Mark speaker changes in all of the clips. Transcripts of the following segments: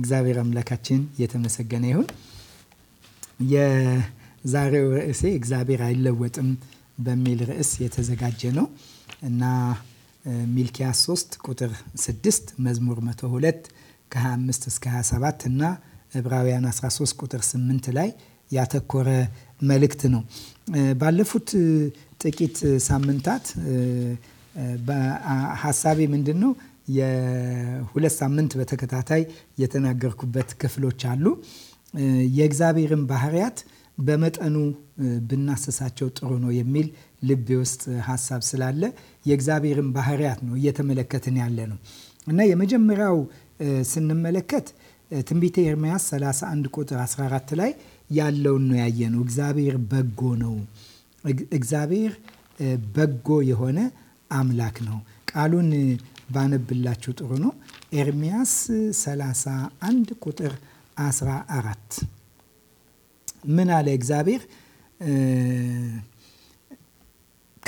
Speaker 1: እግዚአብሔር አምላካችን የተመሰገነ ይሁን። የዛሬው ርዕሴ እግዚአብሔር አይለወጥም በሚል ርዕስ የተዘጋጀ ነው እና ሚልኪያስ 3 ቁጥር 6 መዝሙር 102 ከ25 እስከ 27 እና ዕብራውያን 13 ቁጥር 8 ላይ ያተኮረ መልእክት ነው። ባለፉት ጥቂት ሳምንታት ሀሳቤ ምንድን ነው? የሁለት ሳምንት በተከታታይ የተናገርኩበት ክፍሎች አሉ። የእግዚአብሔርን ባህሪያት በመጠኑ ብናሰሳቸው ጥሩ ነው የሚል ልቤ ውስጥ ሀሳብ ስላለ የእግዚአብሔርን ባህሪያት ነው እየተመለከትን ያለ ነው እና የመጀመሪያው ስንመለከት ትንቢተ ኤርምያስ 31 ቁጥር 14 ላይ ያለውን ነው ያየ ነው። እግዚአብሔር በጎ ነው። እግዚአብሔር በጎ የሆነ አምላክ ነው። ቃሉን ባነብላችሁ ጥሩ ነው። ኤርሚያስ 31 ቁጥር 14 ምን አለ እግዚአብሔር?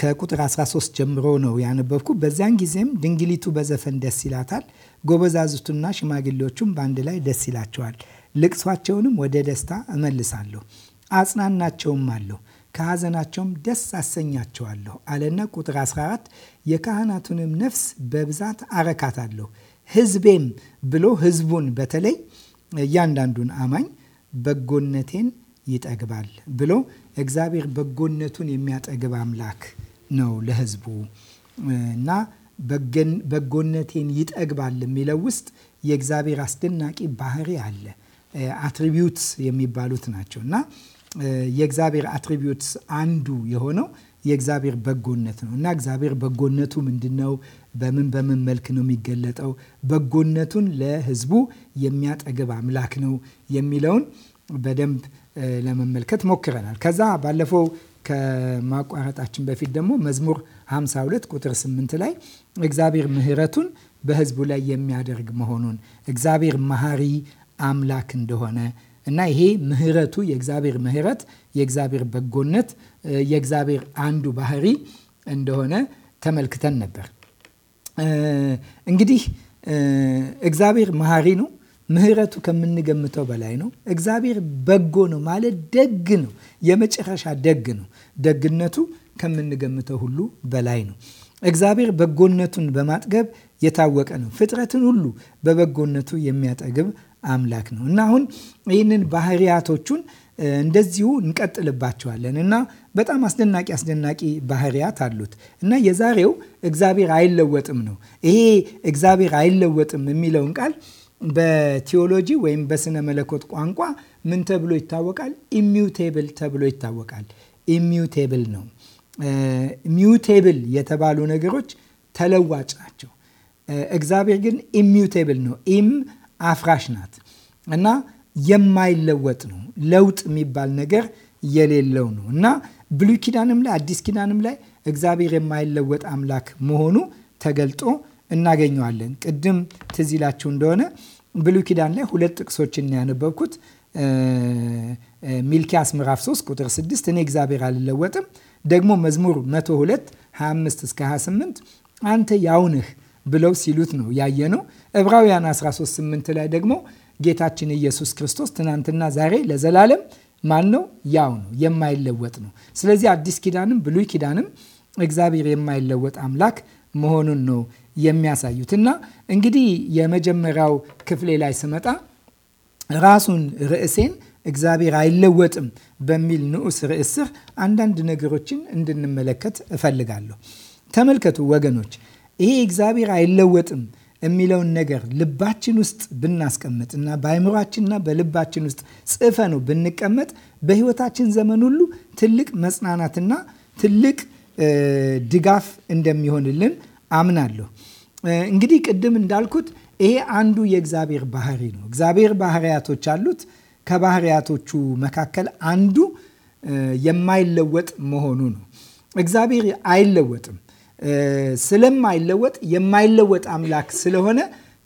Speaker 1: ከቁጥር 13 ጀምሮ ነው ያነበብኩ። በዚያን ጊዜም ድንግሊቱ በዘፈን ደስ ይላታል፣ ጎበዛዝቱና ሽማግሌዎቹም በአንድ ላይ ደስ ይላቸዋል። ልቅሷቸውንም ወደ ደስታ እመልሳለሁ፣ አጽናናቸውም አለሁ ከሐዘናቸውም ደስ አሰኛቸዋለሁ አለና ቁጥር 14 የካህናቱንም ነፍስ በብዛት አረካታለሁ ህዝቤም ብሎ ህዝቡን በተለይ እያንዳንዱን አማኝ በጎነቴን ይጠግባል ብሎ እግዚአብሔር በጎነቱን የሚያጠግብ አምላክ ነው ለህዝቡ እና በጎነቴን ይጠግባል የሚለው ውስጥ የእግዚአብሔር አስደናቂ ባህሪ አለ። አትሪቢዩትስ የሚባሉት ናቸው እና የእግዚአብሔር አትሪቢዩትስ አንዱ የሆነው የእግዚአብሔር በጎነት ነው እና እግዚአብሔር በጎነቱ ምንድን ነው? በምን በምን መልክ ነው የሚገለጠው? በጎነቱን ለሕዝቡ የሚያጠግብ አምላክ ነው የሚለውን በደንብ ለመመልከት ሞክረናል። ከዛ ባለፈው ከማቋረጣችን በፊት ደግሞ መዝሙር 52 ቁጥር 8 ላይ እግዚአብሔር ምሕረቱን በሕዝቡ ላይ የሚያደርግ መሆኑን እግዚአብሔር መሐሪ አምላክ እንደሆነ እና ይሄ ምህረቱ የእግዚአብሔር ምህረት የእግዚአብሔር በጎነት የእግዚአብሔር አንዱ ባህሪ እንደሆነ ተመልክተን ነበር። እንግዲህ እግዚአብሔር መሐሪ ነው። ምህረቱ ከምንገምተው በላይ ነው። እግዚአብሔር በጎ ነው ማለት ደግ ነው፣ የመጨረሻ ደግ ነው። ደግነቱ ከምንገምተው ሁሉ በላይ ነው። እግዚአብሔር በጎነቱን በማጥገብ የታወቀ ነው። ፍጥረትን ሁሉ በበጎነቱ የሚያጠግብ አምላክ ነው እና አሁን ይህንን ባህሪያቶቹን እንደዚሁ እንቀጥልባቸዋለን እና በጣም አስደናቂ አስደናቂ ባህሪያት አሉት እና የዛሬው እግዚአብሔር አይለወጥም ነው። ይሄ እግዚአብሔር አይለወጥም የሚለውን ቃል በቲዎሎጂ ወይም በስነ መለኮት ቋንቋ ምን ተብሎ ይታወቃል? ኢሚውቴብል ተብሎ ይታወቃል። ኢሚውቴብል ነው። ሚውቴብል የተባሉ ነገሮች ተለዋጭ ናቸው። እግዚአብሔር ግን ኢሚውቴብል ነው። ኢም አፍራሽ ናት እና የማይለወጥ ነው። ለውጥ የሚባል ነገር የሌለው ነው እና ብሉይ ኪዳንም ላይ አዲስ ኪዳንም ላይ እግዚአብሔር የማይለወጥ አምላክ መሆኑ ተገልጦ እናገኘዋለን። ቅድም ትዝ ይላችሁ እንደሆነ ብሉይ ኪዳን ላይ ሁለት ጥቅሶችን ያነበብኩት ሚልኪያስ ምዕራፍ 3 ቁጥር 6 እኔ እግዚአብሔር አልለወጥም፣ ደግሞ መዝሙር 102 25 እስከ 28 አንተ ያውንህ ብለው ሲሉት ነው ያየ ነው። ዕብራውያን 13፥8 ላይ ደግሞ ጌታችን ኢየሱስ ክርስቶስ ትናንትና ዛሬ ለዘላለም ማን ነው? ያው ነው፣ የማይለወጥ ነው። ስለዚህ አዲስ ኪዳንም ብሉይ ኪዳንም እግዚአብሔር የማይለወጥ አምላክ መሆኑን ነው የሚያሳዩት። እና እንግዲህ የመጀመሪያው ክፍሌ ላይ ስመጣ ራሱን ርዕሴን እግዚአብሔር አይለወጥም በሚል ንዑስ ርዕስ ስር አንዳንድ ነገሮችን እንድንመለከት እፈልጋለሁ። ተመልከቱ ወገኖች ይሄ እግዚአብሔር አይለወጥም የሚለውን ነገር ልባችን ውስጥ ብናስቀምጥ እና በአይምሯችንና በልባችን ውስጥ ጽፈ ነው ብንቀመጥ በህይወታችን ዘመን ሁሉ ትልቅ መጽናናትና ትልቅ ድጋፍ እንደሚሆንልን አምናለሁ። እንግዲህ ቅድም እንዳልኩት ይሄ አንዱ የእግዚአብሔር ባህሪ ነው። እግዚአብሔር ባህሪያቶች አሉት። ከባህሪያቶቹ መካከል አንዱ የማይለወጥ መሆኑ ነው። እግዚአብሔር አይለወጥም። ስለማይለወጥ የማይለወጥ አምላክ ስለሆነ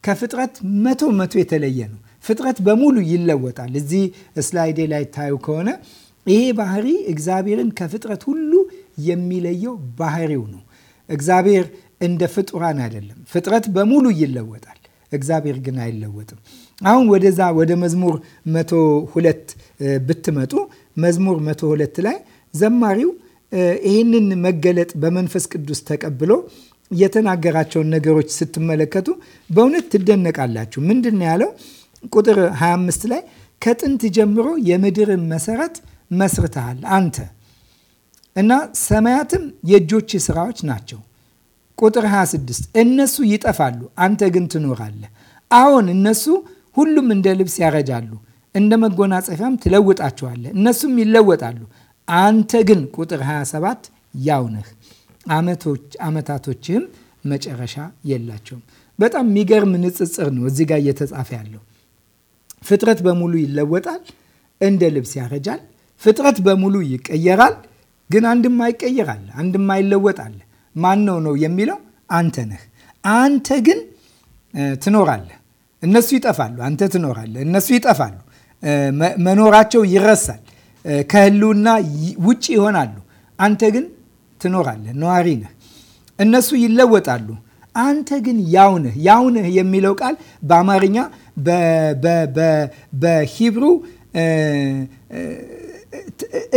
Speaker 1: ከፍጥረት መቶ መቶ የተለየ ነው። ፍጥረት በሙሉ ይለወጣል። እዚህ ስላይዴ ላይ ታዩ ከሆነ ይሄ ባህሪ እግዚአብሔርን ከፍጥረት ሁሉ የሚለየው ባህሪው ነው። እግዚአብሔር እንደ ፍጡራን አይደለም። ፍጥረት በሙሉ ይለወጣል፣ እግዚአብሔር ግን አይለወጥም። አሁን ወደዛ ወደ መዝሙር መቶ ሁለት ብትመጡ መዝሙር መቶ ሁለት ላይ ዘማሪው ይህንን መገለጥ በመንፈስ ቅዱስ ተቀብሎ የተናገራቸውን ነገሮች ስትመለከቱ በእውነት ትደነቃላችሁ። ምንድን ነው ያለው? ቁጥር 25 ላይ ከጥንት ጀምሮ የምድርን መሰረት መስርተሃል አንተ እና ሰማያትም የእጆች ስራዎች ናቸው። ቁጥር 26 እነሱ ይጠፋሉ፣ አንተ ግን ትኖራለህ። አሁን እነሱ ሁሉም እንደ ልብስ ያረጃሉ፣ እንደ መጎናጸፊያም ትለውጣቸዋለህ። እነሱም ይለወጣሉ፣ አንተ ግን ቁጥር 27 ያው ነህ፣ አመታቶችህም መጨረሻ የላቸውም። በጣም የሚገርም ንጽጽር ነው እዚህ ጋር እየተጻፈ ያለው። ፍጥረት በሙሉ ይለወጣል፣ እንደ ልብስ ያረጃል። ፍጥረት በሙሉ ይቀየራል፣ ግን አንድም አይቀየራል፣ አንድም አይለወጣል። ማን ነው ነው የሚለው? አንተ ነህ። አንተ ግን ትኖራለህ። እነሱ ይጠፋሉ፣ አንተ ትኖራለህ። እነሱ ይጠፋሉ፣ መኖራቸው ይረሳል። ከህልውና ውጭ ይሆናሉ። አንተ ግን ትኖራለህ፣ ነዋሪ ነህ። እነሱ ይለወጣሉ፣ አንተ ግን ያው ነህ። ያው ነህ የሚለው ቃል በአማርኛ በሂብሩ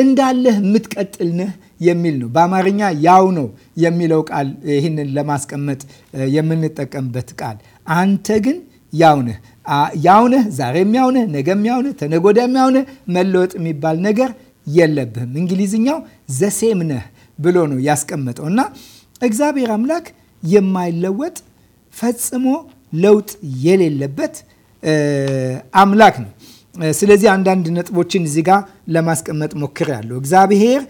Speaker 1: እንዳለህ የምትቀጥል ነህ የሚል ነው። በአማርኛ ያው ነው የሚለው ቃል ይህንን ለማስቀመጥ የምንጠቀምበት ቃል አንተ ግን ያው ነህ። ያውነህ፣ ዛሬ ያውነህ፣ ነገ ያውነህ፣ ተነጎዳም ያውነህ፣ መለወጥ የሚባል ነገር የለብህም። እንግሊዝኛው ዘሴም ነህ ብሎ ነው ያስቀመጠው እና እግዚአብሔር አምላክ የማይለወጥ ፈጽሞ ለውጥ የሌለበት አምላክ ነው። ስለዚህ አንዳንድ ነጥቦችን እዚህ ጋር ለማስቀመጥ ያለው እግዚአብሔር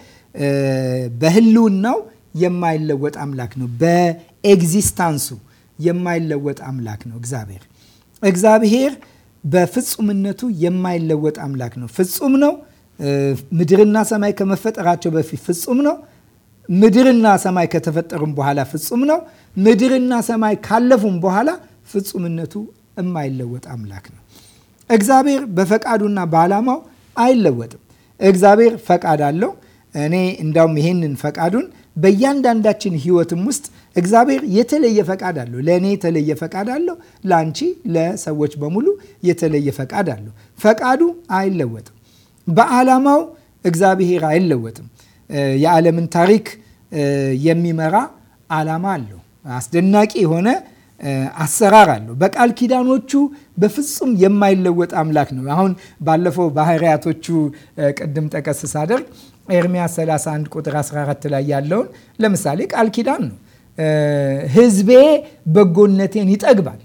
Speaker 1: በህልውናው የማይለወጥ አምላክ ነው። በኤግዚስታንሱ የማይለወጥ አምላክ ነው እግዚአብሔር እግዚአብሔር በፍጹምነቱ የማይለወጥ አምላክ ነው። ፍጹም ነው። ምድርና ሰማይ ከመፈጠራቸው በፊት ፍጹም ነው። ምድርና ሰማይ ከተፈጠሩም በኋላ ፍጹም ነው። ምድርና ሰማይ ካለፉም በኋላ ፍጹምነቱ የማይለወጥ አምላክ ነው። እግዚአብሔር በፈቃዱና በዓላማው አይለወጥም። እግዚአብሔር ፈቃድ አለው። እኔ እንዳውም ይሄንን ፈቃዱን በእያንዳንዳችን ህይወትም ውስጥ እግዚአብሔር የተለየ ፈቃድ አለው። ለእኔ የተለየ ፈቃድ አለው። ለአንቺ፣ ለሰዎች በሙሉ የተለየ ፈቃድ አለው። ፈቃዱ አይለወጥም። በዓላማው እግዚአብሔር አይለወጥም። የዓለምን ታሪክ የሚመራ ዓላማ አለው። አስደናቂ የሆነ አሰራር አለው። በቃል ኪዳኖቹ በፍጹም የማይለወጥ አምላክ ነው። አሁን ባለፈው ባህርያቶቹ ቅድም ጠቀስ ሳደርግ ኤርሚያስ 31 ቁጥር 14 ላይ ያለውን ለምሳሌ ቃል ኪዳን ነው። ህዝቤ በጎነቴን ይጠግባል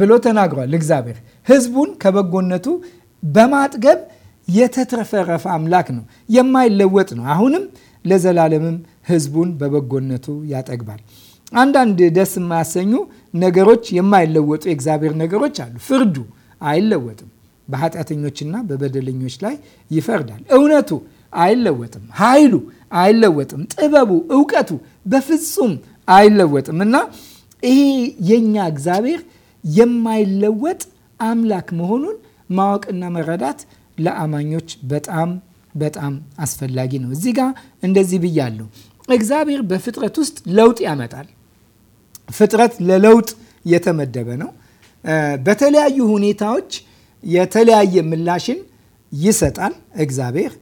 Speaker 1: ብሎ ተናግሯል። እግዚአብሔር ህዝቡን ከበጎነቱ በማጥገብ የተትረፈረፈ አምላክ ነው። የማይለወጥ ነው። አሁንም ለዘላለምም ህዝቡን በበጎነቱ ያጠግባል። አንዳንድ ደስ የማያሰኙ ነገሮች የማይለወጡ የእግዚአብሔር ነገሮች አሉ። ፍርዱ አይለወጥም። በኃጢአተኞችና በበደለኞች ላይ ይፈርዳል። እውነቱ አይለወጥም። ኃይሉ አይለወጥም። ጥበቡ፣ እውቀቱ በፍጹም አይለወጥም እና ይሄ የኛ እግዚአብሔር የማይለወጥ አምላክ መሆኑን ማወቅና መረዳት ለአማኞች በጣም በጣም አስፈላጊ ነው። እዚህ ጋር እንደዚህ ብያለሁ። እግዚአብሔር በፍጥረት ውስጥ ለውጥ ያመጣል። ፍጥረት ለለውጥ የተመደበ ነው። በተለያዩ ሁኔታዎች የተለያየ ምላሽን ይሰጣል እግዚአብሔር።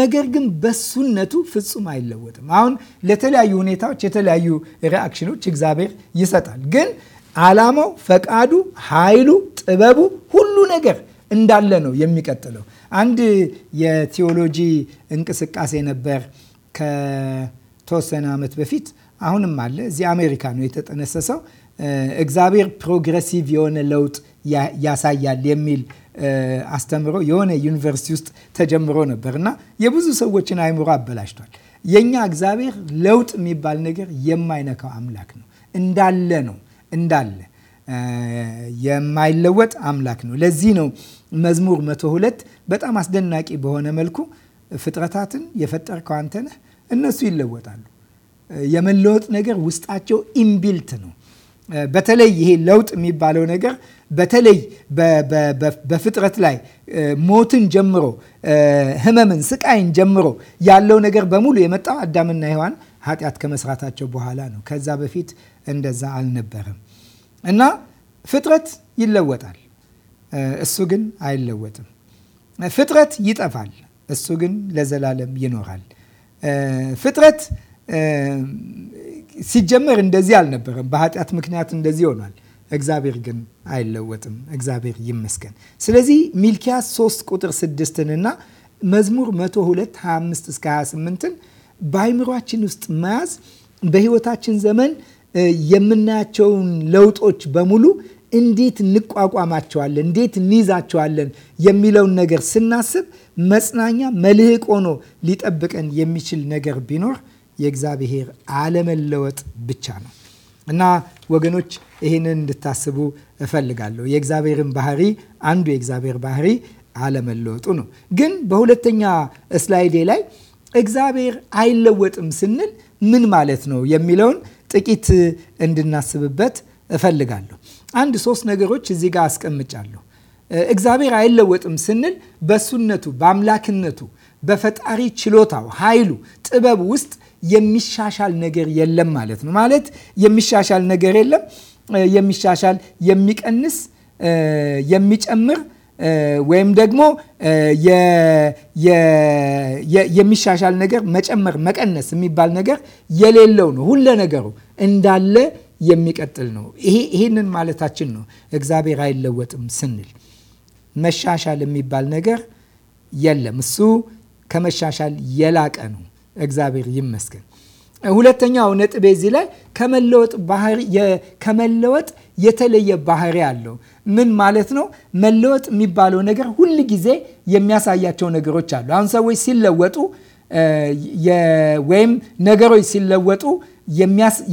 Speaker 1: ነገር ግን በሱነቱ ፍጹም አይለወጥም። አሁን ለተለያዩ ሁኔታዎች የተለያዩ ሪአክሽኖች እግዚአብሔር ይሰጣል። ግን ዓላማው፣ ፈቃዱ፣ ኃይሉ፣ ጥበቡ ሁሉ ነገር እንዳለ ነው የሚቀጥለው። አንድ የቴዎሎጂ እንቅስቃሴ ነበር ከተወሰነ ዓመት በፊት አሁንም አለ። እዚህ አሜሪካ ነው የተጠነሰሰው። እግዚአብሔር ፕሮግረሲቭ የሆነ ለውጥ ያሳያል የሚል አስተምሮ የሆነ ዩኒቨርሲቲ ውስጥ ተጀምሮ ነበር እና የብዙ ሰዎችን አይምሮ አበላሽቷል። የእኛ እግዚአብሔር ለውጥ የሚባል ነገር የማይነካው አምላክ ነው። እንዳለ ነው እንዳለ የማይለወጥ አምላክ ነው። ለዚህ ነው መዝሙር 102 በጣም አስደናቂ በሆነ መልኩ ፍጥረታትን የፈጠርከው አንተ ነህ፣ እነሱ ይለወጣሉ የመለወጥ ነገር ውስጣቸው ኢምቢልት ነው። በተለይ ይሄ ለውጥ የሚባለው ነገር በተለይ በፍጥረት ላይ ሞትን ጀምሮ ህመምን ስቃይን ጀምሮ ያለው ነገር በሙሉ የመጣው አዳምና ሔዋን ኃጢአት ከመስራታቸው በኋላ ነው። ከዛ በፊት እንደዛ አልነበረም እና ፍጥረት ይለወጣል፣ እሱ ግን አይለወጥም። ፍጥረት ይጠፋል፣ እሱ ግን ለዘላለም ይኖራል። ፍጥረት ሲጀመር እንደዚህ አልነበረም። በኃጢአት ምክንያት እንደዚህ ሆኗል። እግዚአብሔር ግን አይለወጥም። እግዚአብሔር ይመስገን። ስለዚህ ሚልኪያስ 3 ቁጥር 6 እና መዝሙር 102 25 እስከ 28ን በአይምሯችን ውስጥ መያዝ በህይወታችን ዘመን የምናያቸውን ለውጦች በሙሉ እንዴት እንቋቋማቸዋለን፣ እንዴት እንይዛቸዋለን የሚለውን ነገር ስናስብ መጽናኛ መልህቅ ሆኖ ሊጠብቀን የሚችል ነገር ቢኖር የእግዚአብሔር አለመለወጥ ብቻ ነው እና ወገኖች ይህንን እንድታስቡ እፈልጋለሁ። የእግዚአብሔርን ባህሪ አንዱ የእግዚአብሔር ባህሪ አለመለወጡ ነው። ግን በሁለተኛ ስላይዴ ላይ እግዚአብሔር አይለወጥም ስንል ምን ማለት ነው የሚለውን ጥቂት እንድናስብበት እፈልጋለሁ። አንድ ሶስት ነገሮች እዚህ ጋር አስቀምጫለሁ። እግዚአብሔር አይለወጥም ስንል በሱነቱ፣ በአምላክነቱ፣ በፈጣሪ ችሎታው፣ ኃይሉ፣ ጥበብ ውስጥ የሚሻሻል ነገር የለም ማለት ነው። ማለት የሚሻሻል ነገር የለም፣ የሚሻሻል የሚቀንስ፣ የሚጨምር ወይም ደግሞ የሚሻሻል ነገር መጨመር፣ መቀነስ የሚባል ነገር የሌለው ነው። ሁለ ነገሩ እንዳለ የሚቀጥል ነው። ይህንን ማለታችን ነው። እግዚአብሔር አይለወጥም ስንል መሻሻል የሚባል ነገር የለም። እሱ ከመሻሻል የላቀ ነው። እግዚአብሔር ይመስገን። ሁለተኛው ነጥብ እዚህ ላይ ከመለወጥ ከመለወጥ የተለየ ባህሪ አለው። ምን ማለት ነው? መለወጥ የሚባለው ነገር ሁል ጊዜ የሚያሳያቸው ነገሮች አሉ። አሁን ሰዎች ሲለወጡ ወይም ነገሮች ሲለወጡ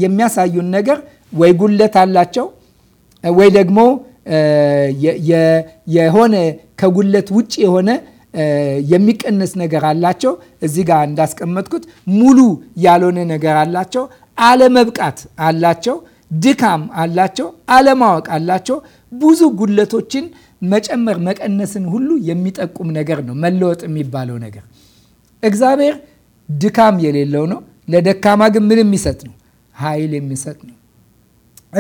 Speaker 1: የሚያሳዩን ነገር ወይ ጉለት አላቸው ወይ ደግሞ የሆነ ከጉለት ውጭ የሆነ የሚቀነስ ነገር አላቸው። እዚህ ጋር እንዳስቀመጥኩት ሙሉ ያልሆነ ነገር አላቸው። አለመብቃት አላቸው። ድካም አላቸው። አለማወቅ አላቸው። ብዙ ጉለቶችን መጨመር መቀነስን ሁሉ የሚጠቁም ነገር ነው መለወጥ የሚባለው ነገር። እግዚአብሔር ድካም የሌለው ነው። ለደካማ ግን ምን የሚሰጥ ነው? ኃይል የሚሰጥ ነው።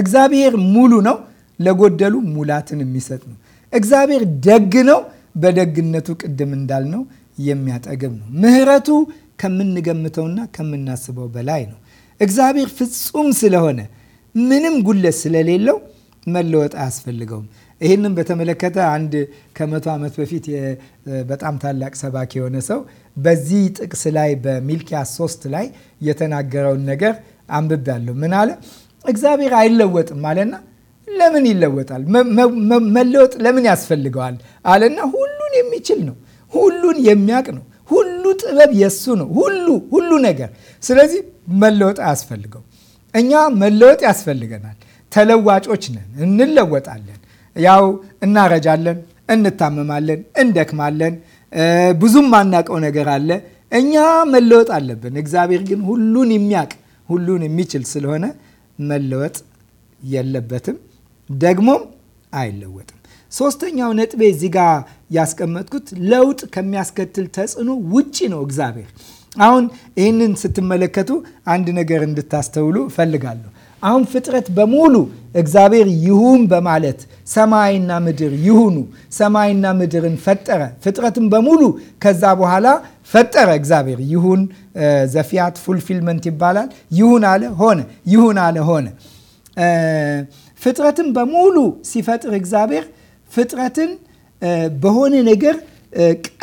Speaker 1: እግዚአብሔር ሙሉ ነው። ለጎደሉ ሙላትን የሚሰጥ ነው። እግዚአብሔር ደግ ነው። በደግነቱ ቅድም እንዳልነው የሚያጠግብ ነው። ምሕረቱ ከምንገምተውና ከምናስበው በላይ ነው። እግዚአብሔር ፍጹም ስለሆነ ምንም ጉለት ስለሌለው መለወጥ አያስፈልገውም። ይህንም በተመለከተ አንድ ከመቶ ዓመት በፊት በጣም ታላቅ ሰባኪ የሆነ ሰው በዚህ ጥቅስ ላይ በሚልኪያ ሶስት ላይ የተናገረውን ነገር አንብቤያለሁ። ምን አለ? እግዚአብሔር አይለወጥም አለና ለምን ይለወጣል? መለወጥ ለምን ያስፈልገዋል? አለና ሁሉን የሚችል ነው። ሁሉን የሚያውቅ ነው። ሁሉ ጥበብ የሱ ነው። ሁሉ ሁሉ ነገር። ስለዚህ መለወጥ አያስፈልገው። እኛ መለወጥ ያስፈልገናል። ተለዋጮች ነን፣ እንለወጣለን። ያው እናረጃለን፣ እንታመማለን፣ እንደክማለን። ብዙም ማናውቀው ነገር አለ። እኛ መለወጥ አለብን። እግዚአብሔር ግን ሁሉን የሚያውቅ ሁሉን የሚችል ስለሆነ መለወጥ የለበትም። ደግሞም አይለወጥም። ሶስተኛው ነጥቤ እዚህ ጋ ያስቀመጥኩት ለውጥ ከሚያስከትል ተጽዕኖ ውጪ ነው እግዚአብሔር። አሁን ይህንን ስትመለከቱ አንድ ነገር እንድታስተውሉ እፈልጋለሁ። አሁን ፍጥረት በሙሉ እግዚአብሔር ይሁን በማለት ሰማይና ምድር ይሁኑ፣ ሰማይና ምድርን ፈጠረ። ፍጥረትን በሙሉ ከዛ በኋላ ፈጠረ እግዚአብሔር። ይሁን ዘፊያት ፉልፊልመንት ይባላል። ይሁን አለ ሆነ፣ ይሁን አለ ሆነ። ፍጥረትን በሙሉ ሲፈጥር እግዚአብሔር ፍጥረትን በሆነ ነገር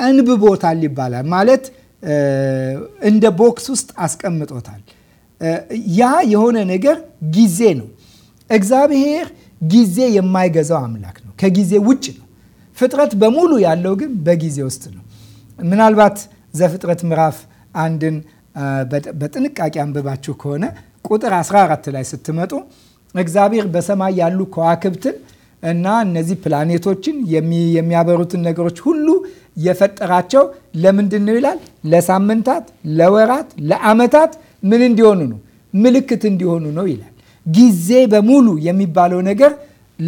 Speaker 1: ቀንብቦታል ይባላል። ማለት እንደ ቦክስ ውስጥ አስቀምጦታል። ያ የሆነ ነገር ጊዜ ነው። እግዚአብሔር ጊዜ የማይገዛው አምላክ ነው። ከጊዜ ውጭ ነው። ፍጥረት በሙሉ ያለው ግን በጊዜ ውስጥ ነው። ምናልባት ዘፍጥረት ምዕራፍ አንድን በጥንቃቄ አንብባችሁ ከሆነ ቁጥር 14 ላይ ስትመጡ እግዚአብሔር በሰማይ ያሉ ከዋክብትን እና እነዚህ ፕላኔቶችን የሚያበሩትን ነገሮች ሁሉ የፈጠራቸው ለምንድን ነው ይላል? ለሳምንታት፣ ለወራት፣ ለአመታት ምን እንዲሆኑ ነው? ምልክት እንዲሆኑ ነው ይላል። ጊዜ በሙሉ የሚባለው ነገር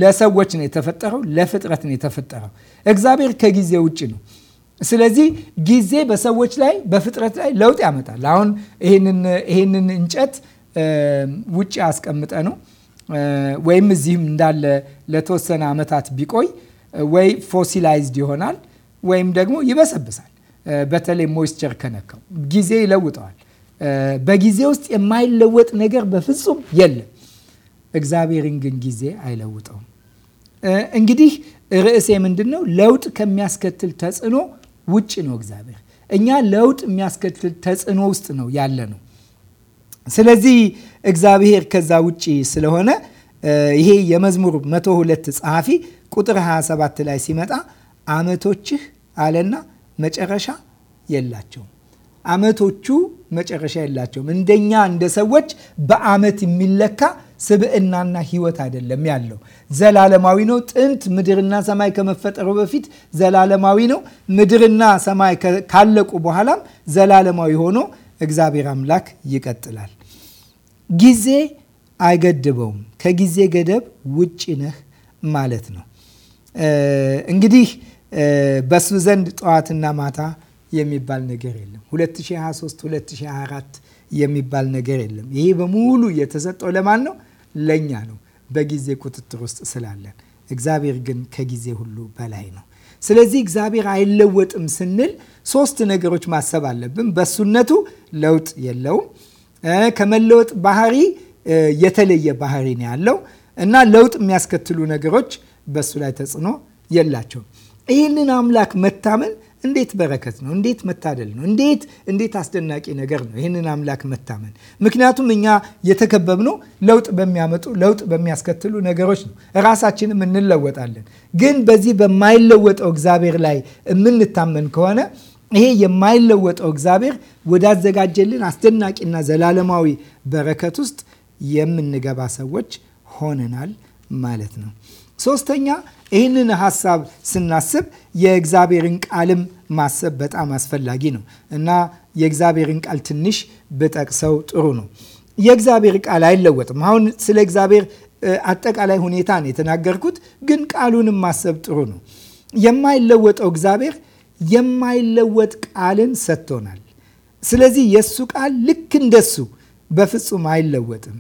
Speaker 1: ለሰዎች ነው የተፈጠረው፣ ለፍጥረት ነው የተፈጠረው። እግዚአብሔር ከጊዜ ውጭ ነው። ስለዚህ ጊዜ በሰዎች ላይ በፍጥረት ላይ ለውጥ ያመጣል። አሁን ይህንን እንጨት ውጭ አስቀምጠ ነው ወይም እዚህም እንዳለ ለተወሰነ ዓመታት ቢቆይ ወይ ፎሲላይዝድ ይሆናል ወይም ደግሞ ይበሰብሳል። በተለይ ሞይስቸር ከነካው ጊዜ ይለውጠዋል። በጊዜ ውስጥ የማይለወጥ ነገር በፍጹም የለም። እግዚአብሔርን ግን ጊዜ አይለውጠውም። እንግዲህ ርዕሴ ምንድን ነው? ለውጥ ከሚያስከትል ተጽዕኖ ውጭ ነው እግዚአብሔር። እኛ ለውጥ የሚያስከትል ተጽዕኖ ውስጥ ነው ያለ ነው። ስለዚህ እግዚአብሔር ከዛ ውጪ ስለሆነ ይሄ የመዝሙር 102 ጸሐፊ ቁጥር 27 ላይ ሲመጣ አመቶችህ አለና መጨረሻ የላቸውም። አመቶቹ መጨረሻ የላቸውም። እንደኛ እንደ ሰዎች በአመት የሚለካ ስብዕናና ህይወት አይደለም ያለው። ዘላለማዊ ነው። ጥንት ምድርና ሰማይ ከመፈጠሩ በፊት ዘላለማዊ ነው። ምድርና ሰማይ ካለቁ በኋላም ዘላለማዊ ሆኖ እግዚአብሔር አምላክ ይቀጥላል። ጊዜ አይገድበውም። ከጊዜ ገደብ ውጭ ነህ ማለት ነው። እንግዲህ በሱ ዘንድ ጠዋትና ማታ የሚባል ነገር የለም። 2023 2024 የሚባል ነገር የለም። ይሄ በሙሉ የተሰጠው ለማን ነው? ለእኛ ነው፣ በጊዜ ቁጥጥር ውስጥ ስላለን። እግዚአብሔር ግን ከጊዜ ሁሉ በላይ ነው። ስለዚህ እግዚአብሔር አይለወጥም ስንል ሶስት ነገሮች ማሰብ አለብን። በሱነቱ ለውጥ የለውም። ከመለወጥ ባህሪ የተለየ ባህሪ ነው ያለው እና ለውጥ የሚያስከትሉ ነገሮች በሱ ላይ ተጽዕኖ የላቸውም። ይህንን አምላክ መታመን እንዴት በረከት ነው! እንዴት መታደል ነው! እንዴት እንዴት አስደናቂ ነገር ነው! ይህንን አምላክ መታመን። ምክንያቱም እኛ የተከበብነው ለውጥ በሚያመጡ ለውጥ በሚያስከትሉ ነገሮች ነው። እራሳችንም እንለወጣለን። ግን በዚህ በማይለወጠው እግዚአብሔር ላይ የምንታመን ከሆነ ይሄ የማይለወጠው እግዚአብሔር ወዳዘጋጀልን አስደናቂና ዘላለማዊ በረከት ውስጥ የምንገባ ሰዎች ሆነናል ማለት ነው። ሶስተኛ ይህንን ሀሳብ ስናስብ የእግዚአብሔርን ቃልም ማሰብ በጣም አስፈላጊ ነው እና የእግዚአብሔርን ቃል ትንሽ ብጠቅሰው ጥሩ ነው። የእግዚአብሔር ቃል አይለወጥም። አሁን ስለ እግዚአብሔር አጠቃላይ ሁኔታ ነው የተናገርኩት፣ ግን ቃሉንም ማሰብ ጥሩ ነው። የማይለወጠው እግዚአብሔር የማይለወጥ ቃልን ሰጥቶናል። ስለዚህ የእሱ ቃል ልክ እንደሱ በፍጹም አይለወጥም።